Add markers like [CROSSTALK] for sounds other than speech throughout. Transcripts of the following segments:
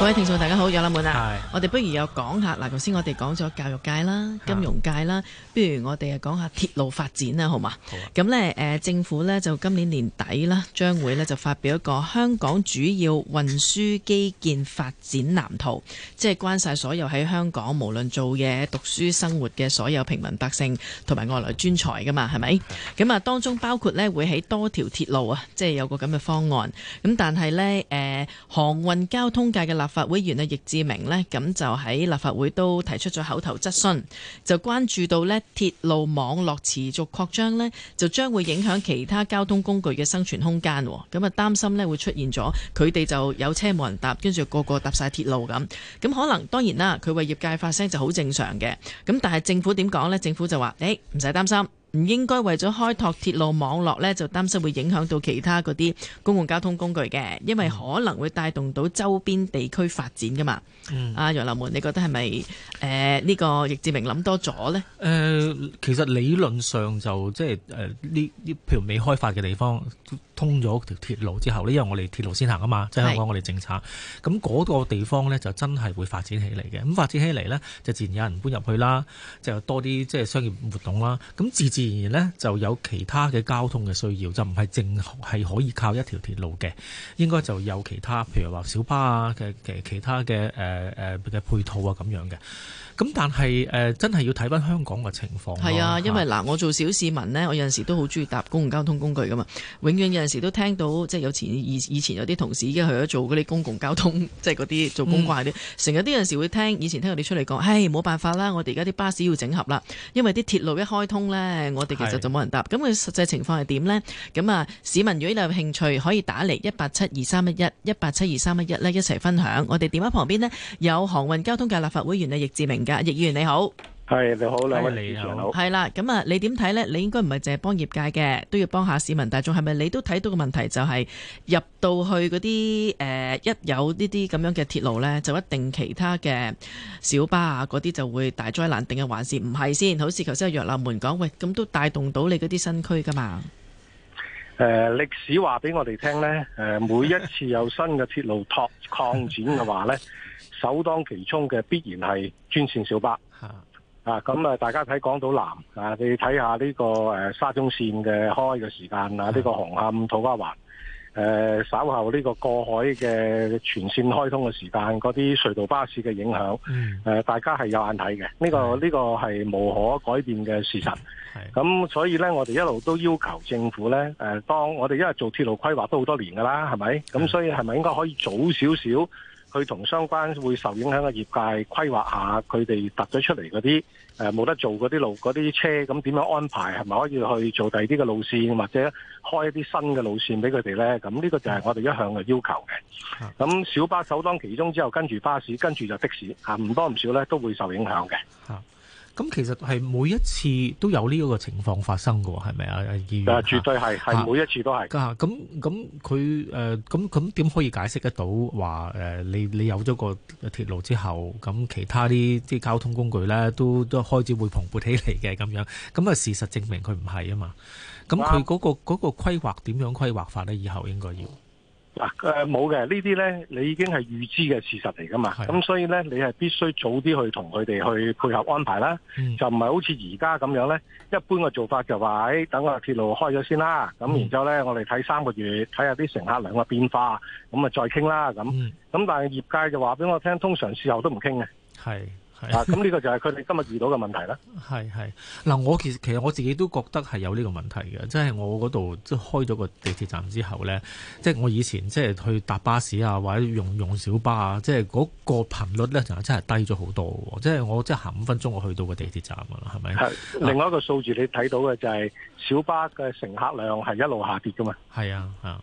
各位聽眾大家好，楊立門是我哋不如又講下嗱，頭先我哋講咗教育界啦、金融界啦，是不如我哋啊講下鐵路發展啦，好嘛？咁咧誒政府咧就今年年底啦，將會咧就發表一個香港主要運輸基建發展藍圖，即係關晒所有喺香港無論做嘢、讀書生活嘅所有平民百姓同埋外來專才噶嘛，係咪？咁啊是，當中包括咧會起多條鐵路啊，即係有個咁嘅方案。咁但係咧誒航運交通界嘅立立法委員啊，易志明呢，咁就喺立法會都提出咗口頭質詢，就關注到呢鐵路網絡持續擴張呢，就將會影響其他交通工具嘅生存空間，咁啊擔心呢，會出現咗，佢哋就有車冇人搭，跟住個個搭晒鐵路咁，咁可能當然啦，佢為業界發聲就好正常嘅，咁但係政府點講呢？政府就話誒唔使擔心。唔應該為咗開拓鐵路網絡呢，就擔心會影響到其他嗰啲公共交通工具嘅，因為可能會帶動到周邊地區發展㗎嘛。阿楊、嗯啊、流門，你覺得係咪呢個易志明諗多咗呢、呃？其實理論上就即係呢呢，譬如未開發嘅地方。通咗條鐵路之後，呢因為我哋鐵路先行啊嘛，即係香港我哋政策，咁嗰是個地方呢，就真係會發展起嚟嘅。咁發展起嚟呢，就自然有人搬入去啦，就多啲即係商業活動啦。咁自自然然呢，就有其他嘅交通嘅需要，就唔係淨係可以靠一條鐵路嘅，應該就有其他，譬如話小巴啊嘅其他嘅誒誒嘅配套啊咁樣嘅。咁但係誒真係要睇翻香港嘅情況。係啊，因為嗱，我做小市民呢，我有陣時都好中意搭公共交通工具噶嘛，永遠有。時都聽到即係有前以以前有啲同事已經去咗做嗰啲公共交通，即係嗰啲做公關啲，成日都有陣時會聽以前聽我哋出嚟講，唉冇辦法啦，我哋而家啲巴士要整合啦，因為啲鐵路一開通呢，我哋其實就冇人搭。咁佢是實際情況係點呢？咁啊，市民如果有興趣，可以打嚟一八七二三一一一八七二三一一呢，一齊分享。我哋電話旁邊呢，有航運交通界立法會議員易志明噶，易議員你好。係你好，兩位你好。係啦好，咁啊，你點睇呢？你應該唔係淨係幫業界嘅，都要幫下市民大眾，係咪？你都睇到個問題就係、是、入到去嗰啲誒，一有呢啲咁樣嘅鐵路呢，就一定其他嘅小巴啊，嗰啲就會大災難定，定係還是唔係先？好似頭先阿若納門講，喂，咁都帶動到你嗰啲新區噶嘛？誒、呃，歷史話俾我哋聽呢，誒，每一次有新嘅鐵路拓擴展嘅話呢， [LAUGHS] 首當其衝嘅必然係專線小巴。啊，咁啊，大家睇港島南啊，你睇下呢個誒、呃、沙中線嘅開嘅時間啊，呢、這個紅磡土瓜灣誒、呃、稍後呢個過海嘅全線開通嘅時間，嗰啲隧道巴士嘅影響，誒、呃、大家係有眼睇嘅，呢、這個呢、這個係無可改變嘅事實。咁所以呢，我哋一路都要求政府呢，誒、呃、當我哋因為做鐵路規劃都好多年㗎啦，係咪？咁所以係咪應該可以早少少？佢同相關會受影響嘅業界規劃下，佢哋突咗出嚟嗰啲誒冇得做嗰啲路嗰啲車，咁點樣安排係咪可以去做第二啲嘅路線，或者開一啲新嘅路線俾佢哋呢？咁呢個就係我哋一向嘅要求嘅。咁小巴首當其衝之後，跟住巴士，跟住就的士，唔多唔少呢都會受影響嘅。咁其實係每一次都有呢個情況發生㗎喎，係咪啊？議員係絕對係，每一次都係。咁咁佢誒咁咁點可以解釋得到話誒、呃、你你有咗個鐵路之後，咁其他啲啲交通工具咧都都開始會蓬勃起嚟嘅咁樣。咁啊事實證明佢唔係啊嘛。咁佢嗰個嗰、嗰個規劃點樣規劃法咧？以後應該要。誒，冇嘅，啊、呢、呃、啲呢，你已經係預知嘅事實嚟㗎嘛，咁是所以呢，你係必須早啲去同佢哋去配合安排啦，嗯，就唔係好似而家咁樣呢，一般嘅做法就話、是、誒、哎，等我鐵路開咗先啦，咁然之後呢、嗯、我哋睇三個月，睇下啲乘客量嘅變化，咁啊再傾啦，咁、咁、嗯、但係業界就話俾我聽，通常事後都唔傾嘅，係。 [LAUGHS] 啊！咁呢個就係佢哋今日遇到嘅問題啦。係係，嗱，我其實其實我自己都覺得係有呢個問題嘅，即係我嗰度即係開咗個地鐵站之後咧，即係我以前即係去搭巴士啊，或者用用小巴啊，即係嗰個頻率咧，就真係低咗好多。即係我即係行五分鐘，我去到個地鐵站啦，係咪？另外一個數字你睇到嘅就係小巴嘅乘客量係一路下跌噶嘛。係啊 [LAUGHS] 啊！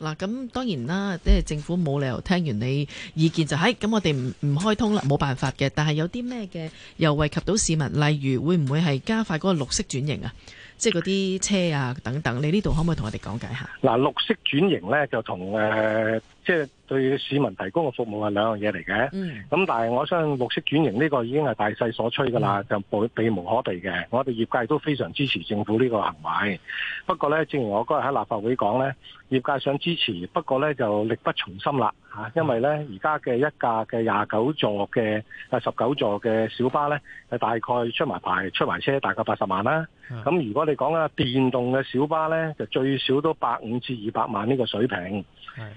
嗱，咁當然啦，即係政府冇理由聽完你意見就係、是、咁，哎、我哋唔唔開通啦，冇辦法嘅。但係有啲咩嘅又惠及到市民，例如會唔會係加快嗰個綠色轉型啊？即係嗰啲車啊等等，你呢度可唔可以同我哋講解下？嗱，綠色轉型咧就同誒，即係對市民提供嘅服務係兩樣嘢嚟嘅。咁、嗯、但係我相信綠色轉型呢個已經係大勢所趨㗎啦，嗯、就避無可避嘅。我哋業界都非常支持政府呢個行為。不過咧，正如我嗰日喺立法會講咧，業界想支持，不過咧就力不從心啦嚇，因為咧而家嘅一架嘅廿九座嘅啊十九座嘅小巴咧，係大概出埋牌出埋車大概八十萬啦。咁如果，你講啊，電動嘅小巴呢，就最少都百五至二百萬呢個水平。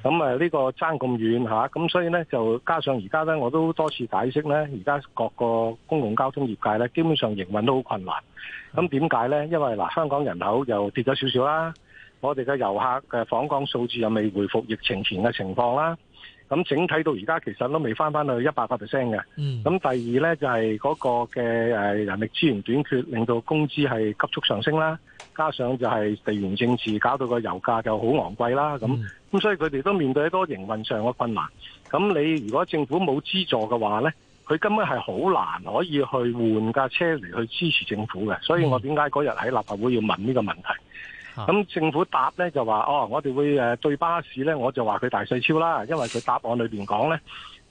咁的、嗯呢個、啊，呢個爭咁遠吓，咁所以呢，就加上而家呢，我都多次解釋呢，而家各個公共交通業界呢，基本上營運都好困難。咁點解呢？因為嗱，香港人口又跌咗少少啦，我哋嘅遊客嘅訪港數字又未回復疫情前嘅情況啦。咁整體到而家其實都未返返去一百 percent 嘅。咁、嗯、第二呢，就係嗰個嘅人力資源短缺，令到工資係急速上升啦。加上就係地緣政治搞到個油價就好昂貴啦。咁咁、嗯、所以佢哋都面對多營運上嘅困難。咁你如果政府冇資助嘅話呢，佢根本係好難可以去換架車嚟去支持政府嘅。所以我點解嗰日喺立法會要問呢個問題？咁、啊、政府答咧就話哦，我哋會誒對巴士咧，我就話佢大細超啦，因為佢答案裏邊講咧，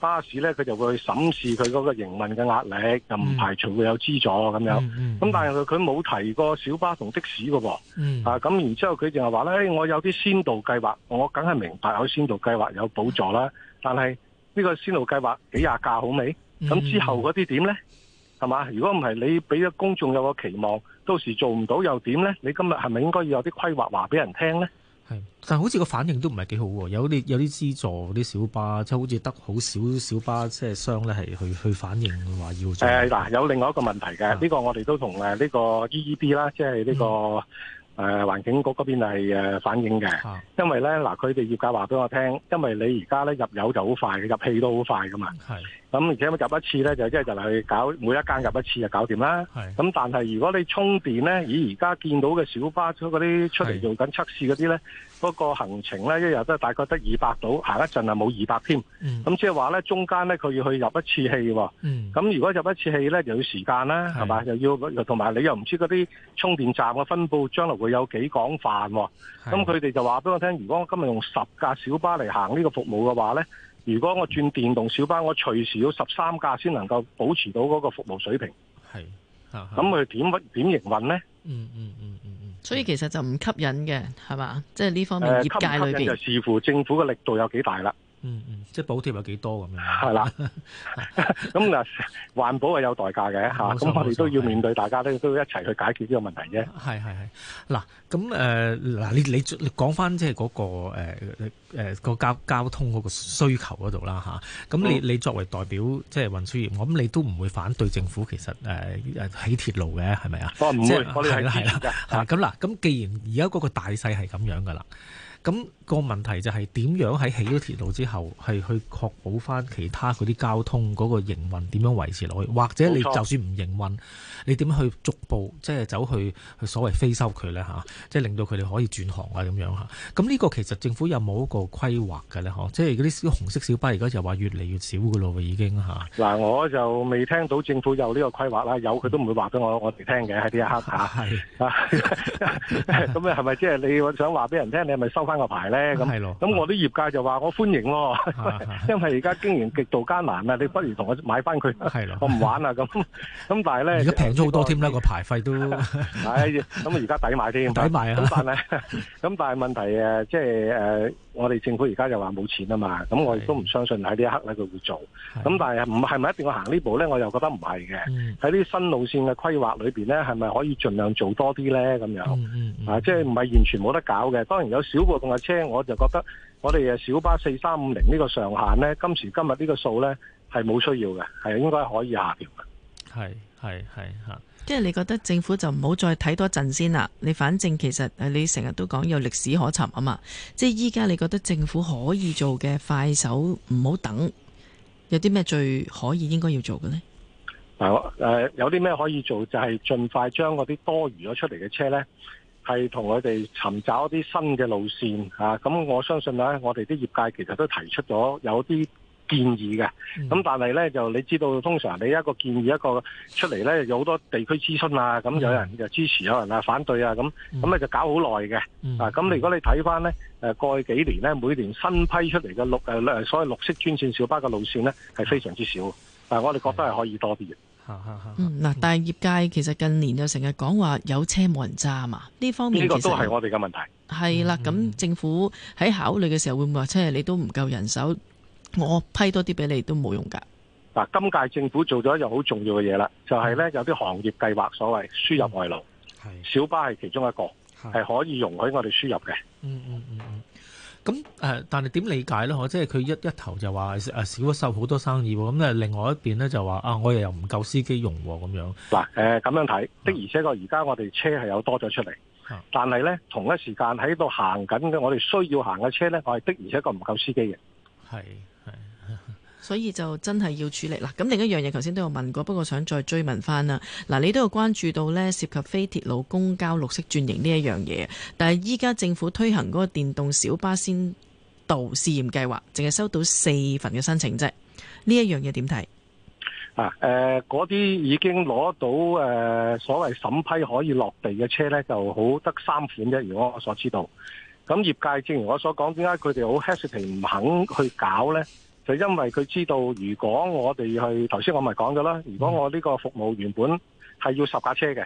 巴士咧佢就會去審視佢嗰個營運嘅壓力，又唔、嗯、排除會有資助咁樣。咁、嗯嗯、但係佢冇提過小巴同的士噶喎。啊，咁、嗯啊、然之後佢淨係話咧，我有啲先導計劃，我梗係明白有先導計劃有補助啦。嗯、但係呢個先導計劃幾廿架好未？咁之後嗰啲點咧？係嘛？如果唔係，你俾咗公眾有個期望。到時做唔到又點呢？你今日係咪應該要有啲規劃話俾人聽呢？係，但係好似個反應都唔係幾好喎。有啲有啲資助啲小，小，小巴，即係好似得好少小巴即係商咧係去去反映話要做。誒嗱、呃，有另外一個問題嘅呢的個，個，、這個，我哋都同誒呢個 E E B 啦，即係呢個誒環境局嗰邊係反映嘅，的因為呢，嗱、呃，佢哋業界話俾我聽，因為你而家咧入油就好快，你入氣都好快噶嘛。係。咁、嗯、而且咁入一次呢，就即係就嚟去搞每一間入一次就搞掂啦。咁是但係如果你充電呢，以而家見到嘅小巴嗰啲出嚟做緊測試嗰啲呢，嗰是個行程呢，一日都係大概得二百到，行一陣啊，冇二百添。咁即係話呢，中間呢，佢要去入一次氣喎、哦。咁、嗯、如果入一次氣呢，又要時間啦，係嘛是？又要同埋你又唔知嗰啲充電站嘅分佈將來會有幾廣泛、哦。咁佢哋就話俾我聽，如果我今日用十架小巴嚟行呢個服務嘅話呢。如果我轉電動小巴，我隨時要十三架先能夠保持到嗰個服務水平，係，咁佢點點營運呢？嗯嗯嗯嗯嗯，嗯嗯嗯嗯，所以其實就唔吸引嘅，係嘛？即係呢方面業界裏邊，就視乎政府嘅力度有幾大啦。嗯嗯，即係補貼有幾多咁樣？係啦，咁嗱，環保係有代價嘅吓，咁我哋都要面對，大家都都要一齊去解決呢個問題啫。係係係，嗱，咁誒，嗱，你你講翻即係嗰個誒誒個交交通嗰個需求嗰度啦吓，咁你你作為代表即係運輸業，咁你都唔會反對政府其實誒起鐵路嘅係咪啊？我唔會，我哋喺鐵路嘅吓，咁嗱，咁既然而家嗰個大勢係咁樣噶啦。咁個問題就係點樣喺起咗鐵路之後，係去確保翻其他嗰啲交通嗰個營運點樣維持落去，或者你就算唔營運，你點樣去逐步即係走去去所謂非收佢呢？即係令到佢哋可以轉行啊咁樣嚇。咁呢個其實政府有冇一個規劃嘅呢？即係嗰啲紅色小巴而家就話越嚟越少嘅咯喎，已經。嗱，我就未聽到政府有呢個規劃啦，有佢都唔會話俾我我哋聽嘅，喺呢一刻咁，係咪即係你想話俾人聽？你係咪收翻個牌咧，咁咁我啲業界就話我歡迎咯，因為而家經營極度艱難啦，你不如同我買翻佢，我唔玩啦，咁咁但係咧而家平咗好多添啦，個牌費都，咁啊而家抵買添，抵買啊，咁 [LAUGHS] 但係，咁但係問題呃，即係呃我哋政府而家就話冇錢啊嘛，咁我亦都唔相信喺呢一刻咧佢會做，咁的但係唔係咪一定要行呢步呢？我又覺得唔係嘅。喺啲、嗯、新路線嘅規劃裏邊呢，係咪可以盡量做多啲呢？咁樣、嗯嗯嗯、啊，即係唔係完全冇得搞嘅？當然有少部分嘅車，我就覺得我哋嘅小巴四三五零呢個上限呢，今時今日呢個數呢，係冇需要嘅，係應該可以下調嘅。係係係。即係你覺得政府就唔好再睇多陣先啦，你反正其實誒，你成日都講有歷史可尋啊嘛，即係依家你覺得政府可以做嘅快手唔好等，有啲咩最可以應該要做嘅呢？呃、有啲咩可以做就係、是、盡快將嗰啲多餘咗出嚟嘅車呢，係同佢哋尋找一啲新嘅路線啊！咁我相信呢、啊，我哋啲業界其實都提出咗有啲。建議嘅，咁但係咧就你知道，通常你一個建議一個出嚟咧，有好多地區諮詢啊，咁有人就支持，有人啊反對啊，咁咁咧就搞好耐嘅。啊，咁你如果你睇翻咧，誒過去幾年咧，每年新批出嚟嘅綠誒所謂綠色專線小巴嘅路線咧，係非常之少。但係，我哋覺得係可以多啲嘅。嗱、嗯，但係業界其實近年就成日講話有車冇人揸啊嘛，呢方面呢個都係我哋嘅問題。係啦，咁政府喺考慮嘅時候會唔會話，即係你都唔夠人手？我批多啲俾你都冇用㗎。嗱，今屆政府做咗一樣好重要嘅嘢啦，就係呢：有啲行業計劃，所謂輸入外勞，嗯、小巴係其中一個，係的可以容許我哋輸入嘅、嗯。嗯嗯嗯咁但係點理解呢？可即係佢一一頭就話、啊、少咗收好多生意，咁另外一邊就話啊，我又又唔夠司機用咁樣。嗱啊呃、咁樣睇的而且確，而家我哋車係有多咗出嚟，的但係呢，同一時間喺度行緊嘅我哋需要行嘅車呢，我係的而且確唔夠司機嘅。係。所以就真係要處理啦！咁另一樣嘢，頭先都有問過，不過想再追問翻啦。嗱，你都有關注到呢涉及非鐵路公交綠色轉型呢一樣嘢，但係依家政府推行嗰個電動小巴先導試驗計劃，淨係收到四份嘅申請啫。呢一樣嘢點睇？啊，嗰、呃、啲已經攞到誒、呃、所謂審批可以落地嘅車呢，就好得三款啫。如果我所知道，咁業界正如我所講，點解佢哋好 hesitant 唔肯去搞呢？就因為佢知道如，如果我哋去頭先，我咪講咗啦。如果我呢個服務原本係要十架車嘅，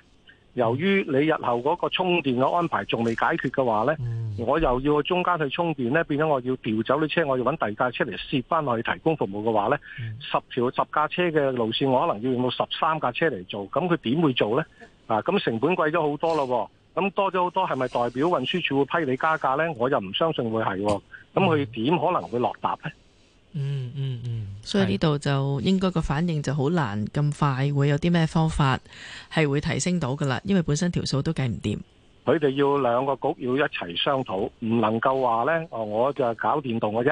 由於你日後嗰個充電嘅安排仲未解決嘅話咧，嗯、我又要中間去充電咧，變咗我要調走啲車，我要揾第二架車嚟接翻落去提供服務嘅話咧，十條十架車嘅路線，我可能要用到十三架車嚟做，咁佢點會做咧？啊，咁成本貴咗好多咯，咁多咗好多係咪代表運輸署會批你加價咧？我又唔相信會係，咁佢點可能會落搭咧？嗯嗯嗯，嗯嗯，所以呢度就應該個反應就好難咁快會有啲咩方法係會提升到噶啦，因為本身條數都計唔掂。佢哋要兩個局要一齊商討，唔能夠話呢，哦，我就搞電動嘅啫。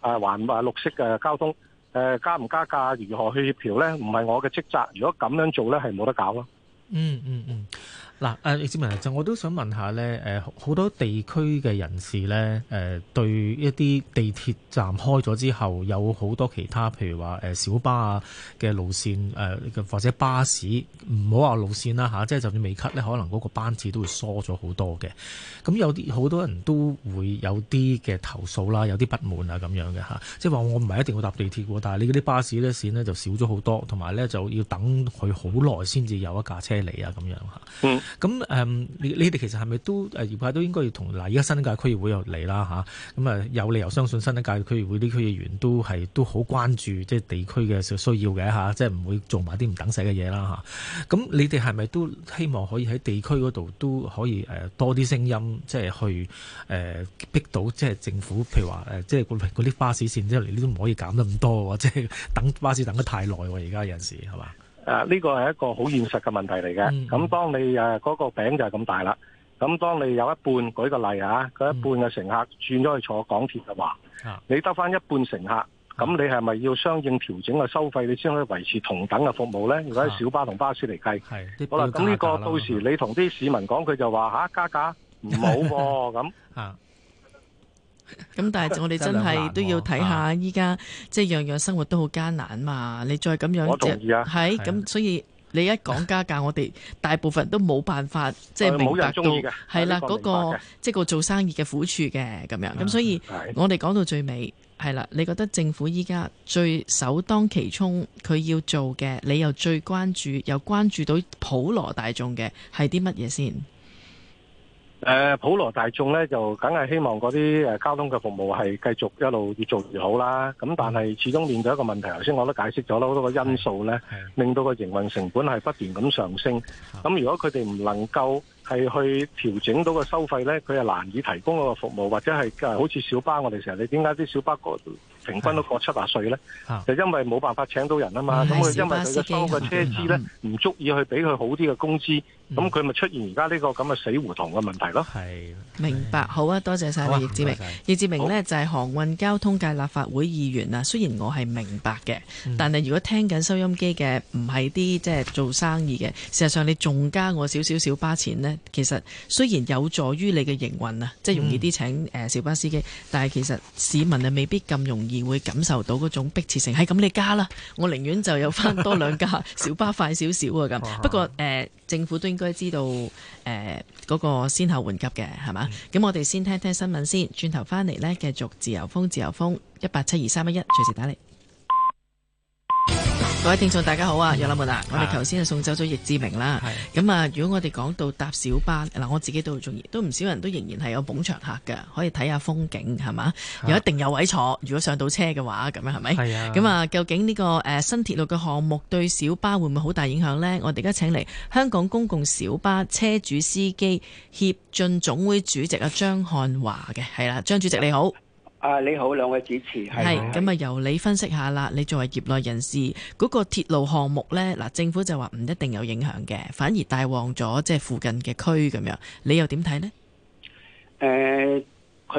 啊、呃，還啊綠色嘅交通，誒、呃，加唔加價，如何去協調呢？唔係我嘅職責。如果咁樣做呢，係冇得搞咯，嗯。嗯嗯嗯。嗱，誒、啊，易志明就我都想問下咧，誒，好多地區嘅人士咧，誒、呃，對一啲地鐵站開咗之後，有好多其他，譬如話小巴啊嘅路線，誒、呃，或者巴士，唔好話路線啦吓，即、啊、係、就是、就算未 cut，呢咧，可能嗰個班次都會疏咗好多嘅。咁有啲好多人都會有啲嘅投訴啦，有啲不滿啊咁樣嘅吓，即係話我唔係一定要搭地鐵喎，但係你嗰啲巴士咧線呢就少咗好多，同埋咧就要等佢好耐先至有一架車嚟啊咁樣、啊咁誒、嗯，你你哋其實係咪都誒業界都應該要同嗱，而家新一屆區議會又嚟啦嚇，咁啊有理由相信新一屆區議會啲區議員都係都好關注即係地區嘅需要嘅嚇、啊，即係唔會做埋啲唔等使嘅嘢啦嚇，咁你哋係咪都希望可以喺地區嗰度都可以多啲聲音，即、就、係、是、去誒、呃、逼到即係政府，譬如話即係嗰啲巴士線即係你都唔可以減得咁多、啊、即係等巴士等得太耐喎，而、啊、家有陣時係嘛？誒，呢、啊這個係一個好現實嘅問題嚟嘅。咁、嗯、當你誒嗰、呃那個餅就係咁大啦，咁當你有一半，舉個例啊，嗰一半嘅乘客轉咗去坐港鐵嘅話，嗯、你得翻一半乘客，咁、啊、你係咪要相應調整嘅收費，你先可以維持同等嘅服務呢？啊，如果喺小巴同巴士嚟計，好啦、啊，咁呢個到時你同啲市民講說，佢就話吓加價唔好喎、啊，咁 [LAUGHS] 啊啊咁 [LAUGHS] 但係我哋真係都要睇下依家即係樣樣生活都好艱難嘛，你再咁樣係咁，所以你一講加價， [LAUGHS] 我哋大部分都冇辦法即係明白到係啦嗰個即係、嗰個即係個、做生意嘅苦處嘅咁樣，咁所以我哋講到最尾係啦，啊啊啊、你覺得政府依家最首當其衝佢要做嘅，你又最關注又關注到普羅大眾嘅係啲乜嘢先？誒普羅大眾咧就梗係希望嗰啲誒交通嘅服務係繼續一路越做越好啦。咁但係始終面對一個問題，頭先我都解釋咗啦，好多個因素咧令到個營運成本係不斷咁上升。咁如果佢哋唔能夠係去調整到個收費咧，佢係難以提供嗰個服務，或者係好似小巴我哋成日你點解啲小巴個平均都過七八歲咧？啊、就因為冇辦法請到人啊嘛。咁佢因為佢嘅收嘅車資咧，唔、嗯嗯、足以去俾佢好啲嘅工資。咁佢咪出現而家呢個咁嘅死胡同嘅問題咯？明白。好啊，多謝曬易、啊、志明。易志明呢，好就係航運交通界立法會議員啊。雖然我係明白嘅，嗯、但係如果聽緊收音機嘅唔係啲即係做生意嘅，事實上你仲加我少少小巴錢呢。其實雖然有助於你嘅營運啊，即係容易啲請、嗯呃、小巴司機，但係其實市民啊未必咁容易會感受到嗰種迫切性。係咁、嗯，你加啦，我寧願就有翻多兩架小巴快少少啊咁。 [LAUGHS] 不過、呃政府都應該知道誒嗰、呃嗰個、先後緩急嘅係嘛？咁我哋先聽聽新聞先，轉頭翻嚟咧繼續自由風自由風一八七二三一一隨時打嚟。各位聽眾，大家好，嗯、楊立文啦。我哋頭先啊送走咗易志明啦。咁啊，如果我哋講到搭小巴嗱，我自己都好中意，都唔少人都仍然係有捧場客嘅，可以睇下風景係嘛？啊、又一定有位坐。如果上到車嘅話，咁樣係咪？係啊。咁啊，究竟呢、這個誒、呃、新鐵路嘅項目對小巴會唔會好大影響呢？我哋而家請嚟香港公共小巴車主司機協進總會主席啊，張漢華嘅，係啦，啊，張主席你好。啊，你好，兩位主持係。咁啊，由你分析下啦。你作為業內人士，嗰個鐵路項目呢，嗱，政府就話唔一定有影響嘅，反而帶旺咗即係附近嘅區咁樣，你又點睇呢？誒、呃，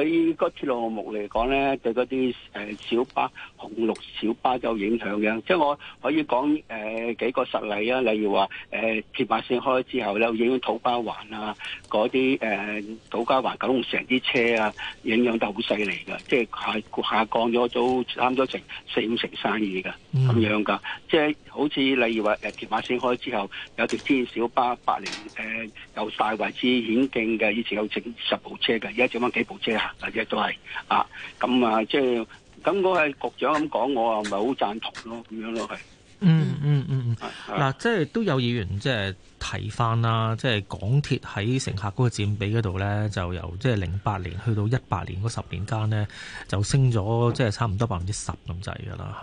佢個鐵路項目嚟講呢，對嗰啲誒小巴。紅綠小巴都有影響嘅，即係我可以講誒、呃、幾個實例啊，例如話誒、呃、鐵馬線開之後咧，影響土巴環啊，嗰啲誒土巴環九龍城啲車啊，影響得好犀利嘅，即係下下降咗都差唔多成四五成生意嘅咁樣噶，mm. 即係好似例如話誒鐵馬線開之後，有條天小巴八零，誒由、呃、大圍至顯徑嘅，以前有整十部車嘅，而家整翻幾部車行嘅都係啊，咁啊即係。咁嗰位局長咁講，我啊唔係好贊同咯，咁樣咯，係嗯。嗯嗯嗯，嗱、嗯，即係都有議員即係提翻啦，即係港鐵喺乘客嗰個佔比嗰度咧，就由即係零八年去到一八年嗰十年間咧，就升咗即係差唔多百分之十咁滯噶啦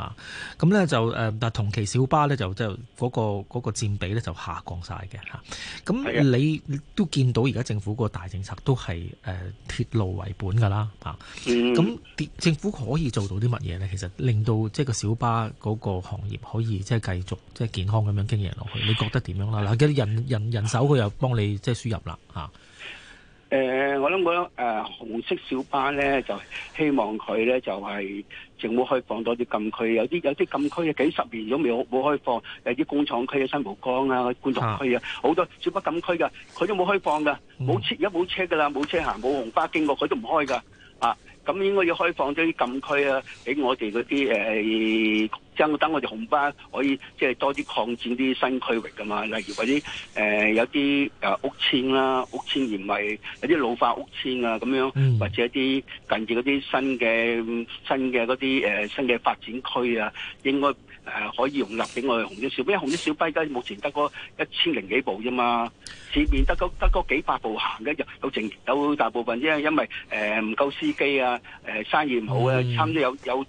吓，咁咧就誒但同期小巴咧就就嗰個嗰個佔比咧就下降晒嘅吓，咁你都見到而家政府個大政策都係誒鐵路為本噶啦吓，咁政府可以做到啲乜嘢咧？其實令到即係個小巴嗰個行業可以即係計。即係健康咁樣經營落去，你覺得點樣啦？嗱，啲人人人手佢又幫你即係輸入啦嚇。誒、呃，我諗講誒紅色小巴咧，就希望佢咧就係、是、政府開放多啲禁區，有啲有啲禁區幾十年都未冇冇開放，有啲工廠區啊、新蒲崗啊、觀塘區啊，好、啊、多小巴禁區噶，佢都冇開放噶，冇、嗯、而家冇車噶啦，冇車行冇紅巴經過佢都唔開噶。啊，咁應該要開放多啲禁區啊，俾我哋嗰啲誒。呃將等我哋紅巴可以即係多啲擴展啲新區域㗎嘛？例如嗰啲誒有啲誒屋邨啦，屋邨而唔係有啲老化屋邨啊，咁樣、嗯、或者一啲近住嗰啲新嘅新嘅嗰啲誒新嘅發展區啊，應該誒、呃、可以容納俾我哋紅色小巴。因為紅色小巴而家目前得個一千零幾部啫嘛，市面得個得個幾百部行嘅有有剩有大部分啫，因為誒唔、呃、夠司機啊，誒、呃、生意唔好啊，嗯、差唔多有有。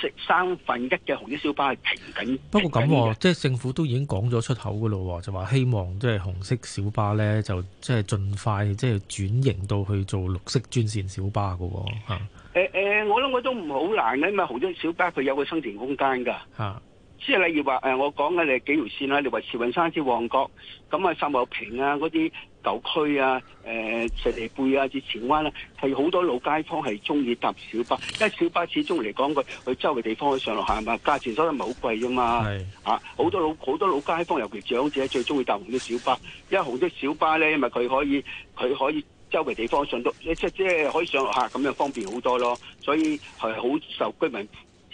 食三分一嘅紅色小巴係平緊，不過咁、啊、即係政府都已經講咗出口嘅咯，就話希望即係紅色小巴咧，就即係盡快即係轉型到去做綠色專線小巴嘅嚇。誒誒、欸欸，我諗我都唔好難嘅，因為紅色小巴佢有個生存空間㗎嚇。即係、啊、例如話誒，我講嘅你幾條線啦，你話慈雲山至旺角，咁啊秀茂坪啊嗰啲。舊區啊，誒、呃，石籬背啊，至荃灣啊，係好多老街坊係中意搭小巴，因為小巴始終嚟講，佢佢周圍地方去上落客，嘛價錢收得唔係好貴噶嘛，係是啊，好多老好多老街坊，尤其長者最中意搭紅色小巴，因為紅色小巴咧，因為佢可以佢可以周圍地方上到，即即係可以上落客，咁樣方便好多咯，所以係好受居民，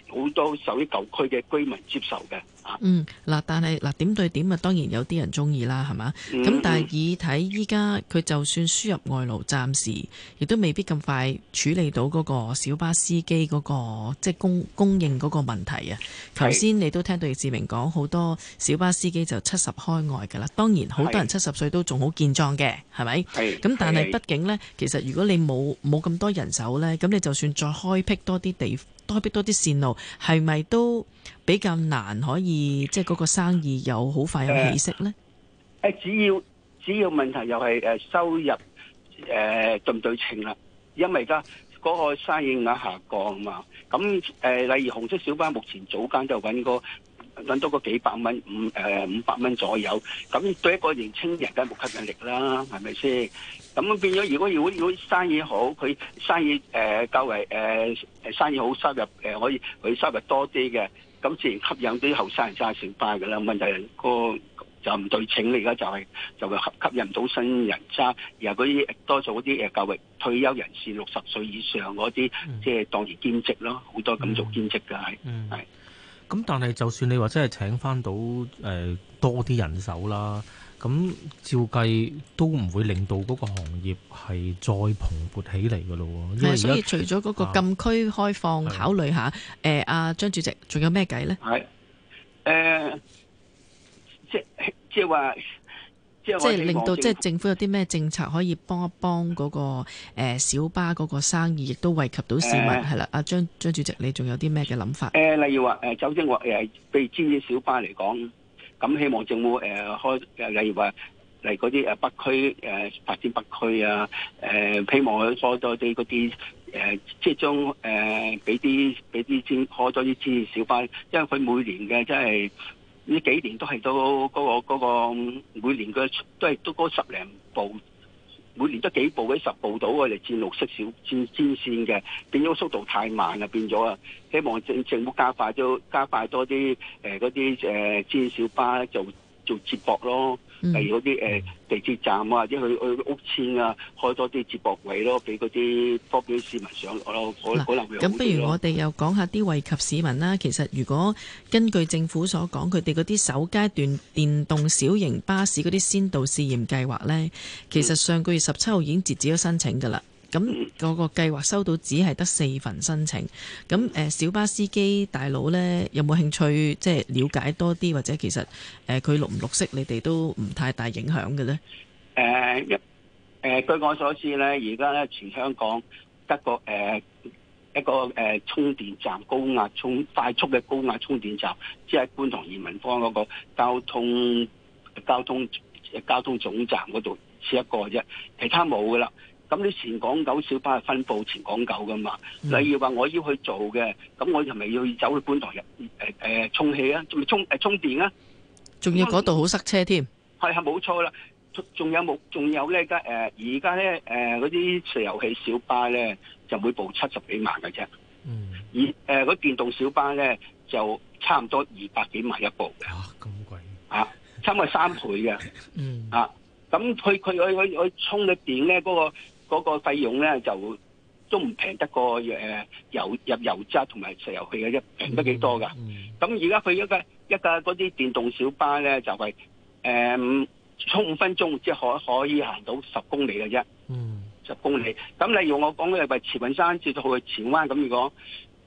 好多受啲舊區嘅居民接受嘅。嗯，嗱、啊，但係嗱、啊，點對點啊，當然有啲人中意啦，係嘛？咁、mm hmm. 但係以睇依家佢就算輸入外勞，暫時亦都未必咁快處理到嗰個小巴司機嗰、嗰個即係供供應嗰個問題啊。頭先是你都聽到易志明講好多小巴司機就七十開外㗎啦。當然好多人七十歲都仲好健壯嘅，係咪？咁是但係畢竟呢，其實如果你冇冇咁多人手呢，咁你就算再開闢多啲地方。多辟多啲線路，係咪都比較難可以即係嗰個生意有好快有起色咧？誒、呃，主、呃、要主要問題又係誒收入誒對唔、呃、對稱啦，因為而家嗰個生意額下降啊嘛，咁誒、呃、例如紅色小巴，目前早間就揾個，揾多個幾百蚊，五誒、呃、五百蚊左右，咁對一個年輕人梗係冇吸引力啦，係咪先？咁變咗，如果如果如果生意好，佢生意誒、呃、較為誒誒、呃、生意好，收入誒、呃、可以佢收入多啲嘅，咁自然吸引啲後生人揸小巴嘅啦。問題、就係嗰個就唔對稱嚟嘅，就係就會吸吸引唔到新人揸，而係嗰啲多數嗰啲誒較為退休人士六十歲以上嗰啲，即、就、係、是、當年兼職咯，好多咁做兼職嘅係係。嗯。咁但係就算你話真係請翻到誒、呃、多啲人手啦，咁照計都唔會令到嗰個行業係再蓬勃起嚟噶咯。係，所以除咗嗰個禁區開放考慮，考慮下誒，阿張、呃、主席仲有咩計咧？係誒、呃，即係即係話。即係令到即係政府有啲咩政策可以幫一幫嗰個小巴嗰個生意，亦都惠及到市民係啦。阿張、呃、張主席，你仲有啲咩嘅諗法？誒、呃、例如話誒，首先我誒，譬如專營小巴嚟講，咁希望政府誒開、呃、例如話嚟嗰啲誒北區誒發展北區啊，誒、呃、希望佢開多啲嗰啲誒，即係將誒俾啲俾啲錢開多啲專營小巴，因為佢每年嘅即係。呢幾年都係都嗰個嗰個每年嘅都係都嗰十零部，每年都幾部嘅十部到，我哋占綠色占占線嘅，變咗速度太慢啊！變咗啊！希望政政府加快咗，加快多啲誒嗰啲誒占小巴做做接駁咯。嗯、例如嗰啲誒地鐵站啊，或者去去屋邨啊，開多啲接駁位咯，俾嗰啲方便市民上落咯，可能會好啲咯。咁、嗯、不如我哋又講下啲惠及市民啦。其實如果根據政府所講，佢哋嗰啲首階段電動小型巴士嗰啲先導試驗計劃呢，其實上個月十七號已經截止咗申請㗎啦。咁嗰個計劃收到只係得四份申請，咁誒小巴司機大佬咧有冇興趣即係了解多啲，或者其實誒佢綠唔綠色，你哋都唔太大影響嘅咧？誒誒、呃呃、據我所知咧，而家咧全香港得個誒一個誒、呃呃、充電站高壓充快速嘅高壓充電站，只係觀塘移民坊嗰個交通交通交通總站嗰度設一個啫，其他冇噶啦。咁啲前港九小巴係分佈前港九噶嘛？例如話，我要去做嘅，咁我係咪要走去觀塘入誒誒充氣啊？仲咪充誒充電啊？仲要嗰度好塞車添。係係冇錯啦，仲有冇？仲有呢？而家誒而家咧誒嗰啲石油氣小巴咧，就每部七十幾萬嘅啫。嗯。而呃、嗰啲電動小巴咧，就差唔多二百幾萬一部嘅。咁貴、哦、啊，差唔多三倍嘅。 [LAUGHS] 嗯。啊，咁佢佢佢佢充嘅電咧，嗰、嗰個。嗰個費用咧就都唔平得過誒、呃、油入油質同埋石油氣嘅啫，平得幾多噶？咁而家佢一個一架嗰啲電動小巴咧就係、是、誒、呃、充五分鐘即係可可以行到十公里嘅啫。嗯，十公里咁。例如我講嘅係慈雲山至到去前灣咁，如果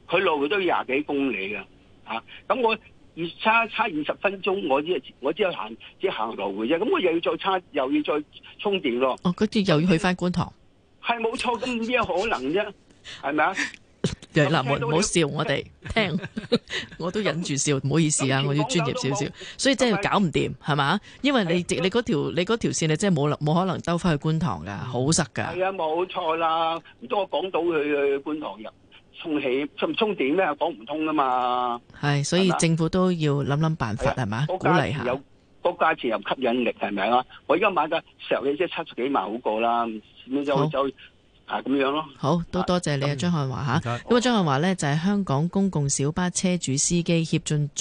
佢來回都要廿幾公里嘅咁、啊、我二差差二十分鐘，我只我只有行即係行來回啫。咁我又要再差，又要再充電咯。哦，嗰啲又要去翻觀塘。係冇錯，咁咩可能啫？係咪啊？林木唔好笑，我哋聽，我都忍住笑，唔好意思啊，我要專業少少，所以真係搞唔掂，係嘛？因為你直你嗰條你嗰條綫，你真係冇冇可能兜翻去觀塘噶，好塞噶。係啊，冇錯啦，唔通我講到佢去觀塘入充氣充唔充電咧，講唔通噶嘛？係，所以政府都要諗諗辦法，係嘛？鼓勵下。個價錢又吸引力，係咪啊？我而家買架石油氣車七十幾萬好過啦，咁就就啊咁樣咯。好，多多謝你啊，張漢華吓。咁啊，張漢華咧就係香港公共小巴車主司機協進。